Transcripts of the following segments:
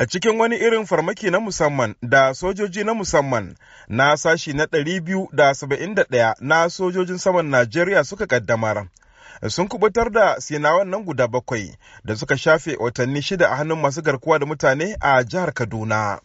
a cikin wani irin farmaki na musamman da sojoji na musamman na sashi na 271 na sojojin saman Najeriya suka kaddamar. Sun kubutar da sinawan nan guda bakwai da suka shafe watanni shida a hannun masu garkuwa da mutane a jihar Kaduna.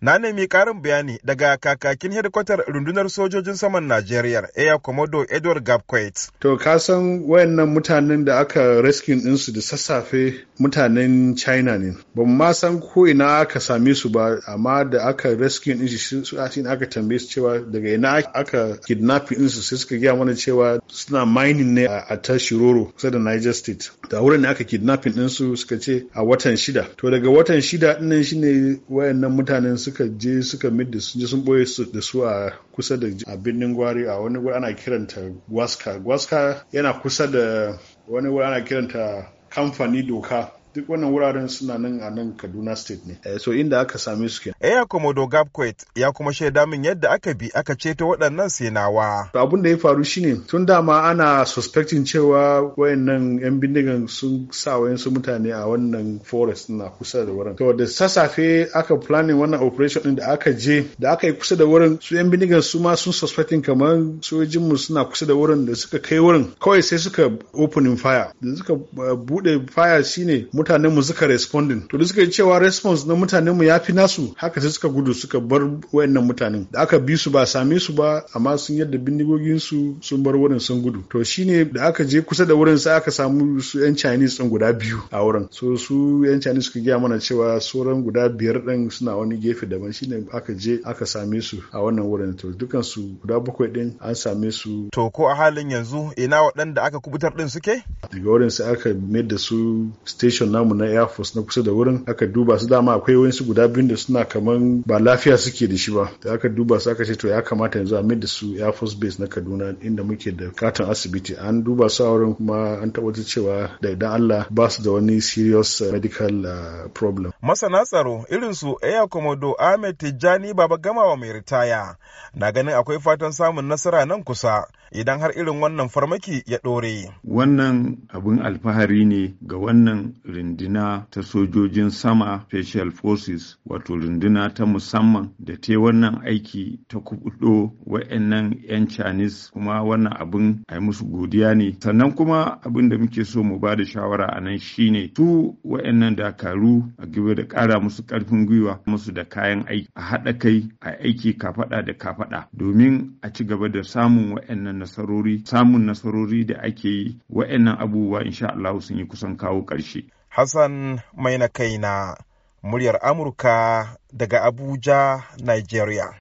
Na nemi karin bayani daga kakakin hedikwatar rundunar sojojin saman Najeriya, Air Komodo Edward Gabquet. To, kasan wayannan mutanen da aka rescue ɗinsu da sassafe mutanen china ne ba ma san ko ina aka same su ba amma da aka rescue din shi cikin aka tambaye su cewa daga ina aka kidnapping din su sai suka gaya mana cewa suna mining ne a tashiroro kusa da niger state da wurin ne aka kidnapping din su suka ce a watan shida to daga watan shida shi shine wayannan mutanen suka je suka midda sun je sun boye su da su a kusa da a birnin gwari a wani wuri ana kiranta gwaska gwaska yana kusa da wani wuri ana kiranta kamfani doka duk wannan wuraren suna nan a nan kaduna state ne eh, so inda aka same su kenan eya eh, komodo gabquet ya kuma shaida min yadda aka bi aka ceto waɗannan senawa Abun da ya faru shine tun dama ana suspecting cewa wayannan yan bindigan sun sa wayansu mutane a wannan forest na kusa da wurin to da sassafe aka planning wannan operation din da aka je da aka yi kusa da wurin su yan bindigan su ma sun suspecting kamar sojojin mu suna kusa da wurin da suka kai wurin kawai sai suka opening fire da suka eh, bude fire shine mutanenmu suka responding to da suka yi cewa response na mutanenmu ya fi nasu haka sai suka gudu suka bar wayannan mutanen da aka bi su ba same su ba amma sun yadda bindigogin su sun bar wurin sun gudu to shine da aka je kusa da wurin sai aka samu su yan Chinese din guda biyu a wurin so su yan Chinese suka gaya mana cewa sauran guda biyar din suna wani gefe daban shine aka je aka same su a wannan wurin to dukan su guda bakwai din an same su to ko a halin yanzu ina waɗanda aka kubutar din suke daga wurin sai aka mai da su station namu na air force na kusa da wurin aka duba su dama akwai wayansu guda biyun da suna kaman ba lafiya suke da shi ba da aka duba su aka ce to ya kamata yanzu a mai da su air force base na kaduna inda muke da katon asibiti an duba su a wurin kuma an tabbatar cewa da idan allah ba su da wani serious uh, medical uh, problem masana tsaro irin su air komodo ahmed tijjani baba gamawa mai ritaya na ganin akwai fatan samun nasara nan kusa idan har irin wannan farmaki ya ɗore. Wannan abin alfahari ne ga wannan rindina ta sojojin sama Special Forces wato rindina ta musamman da ta wannan aiki ta kuɗo wa'annan 'yan Chinese kuma wannan abin a musu godiya ne. Sannan kuma abin da muke so mu ba da shawara a nan shi shine su wa'annan dakaru a gaba da ƙara musu ƙarfin gwiwa musu da kayan aiki a haɗa kai a aiki kafaɗa da kafaɗa domin a ci gaba da samun wa'annan nasarori samun nasarori da ake yi wa'annan abubuwa insha Allah sun yi kusan kawo ƙarshe. Hassan mai na kaina muryar Amurka daga Abuja, Nigeria.